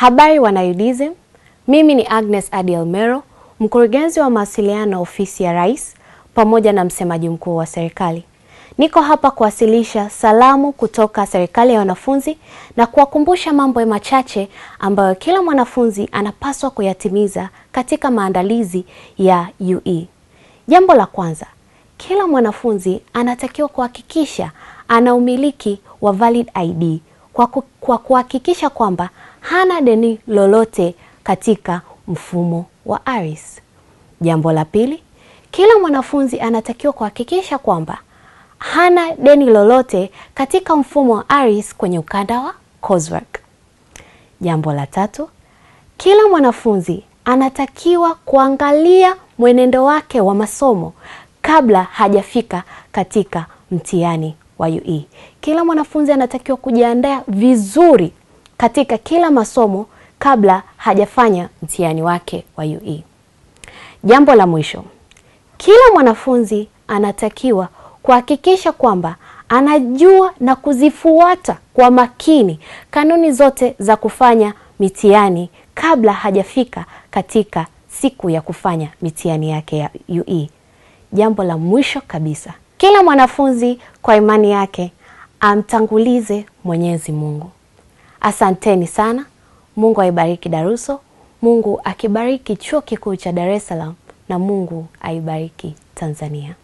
Habari wanayudize, mimi ni Agnes Adiel Mero, mkurugenzi wa mawasiliano na ofisi ya Rais pamoja na msemaji mkuu wa serikali. Niko hapa kuwasilisha salamu kutoka serikali ya wanafunzi na kuwakumbusha mambo machache ambayo kila mwanafunzi anapaswa kuyatimiza katika maandalizi ya UE. Jambo la kwanza, kila mwanafunzi anatakiwa kuhakikisha ana umiliki wa valid ID kwa, ku, kwa kuhakikisha kwamba hana deni lolote katika mfumo wa ARIS. Jambo la pili, kila mwanafunzi anatakiwa kuhakikisha kwamba hana deni lolote katika mfumo wa ARIS kwenye ukanda wa coursework. Jambo la tatu, kila mwanafunzi anatakiwa kuangalia mwenendo wake wa masomo kabla hajafika katika mtihani wa UE. Kila mwanafunzi anatakiwa kujiandaa vizuri katika kila masomo kabla hajafanya mtihani wake wa UE. Jambo la mwisho, kila mwanafunzi anatakiwa kuhakikisha kwamba anajua na kuzifuata kwa makini kanuni zote za kufanya mitihani kabla hajafika katika siku ya kufanya mitihani yake ya UE. Jambo la mwisho kabisa kila mwanafunzi kwa imani yake amtangulize Mwenyezi Mungu. Asanteni sana. Mungu aibariki Daruso, Mungu akibariki Chuo Kikuu cha Dar es Salaam na Mungu aibariki Tanzania.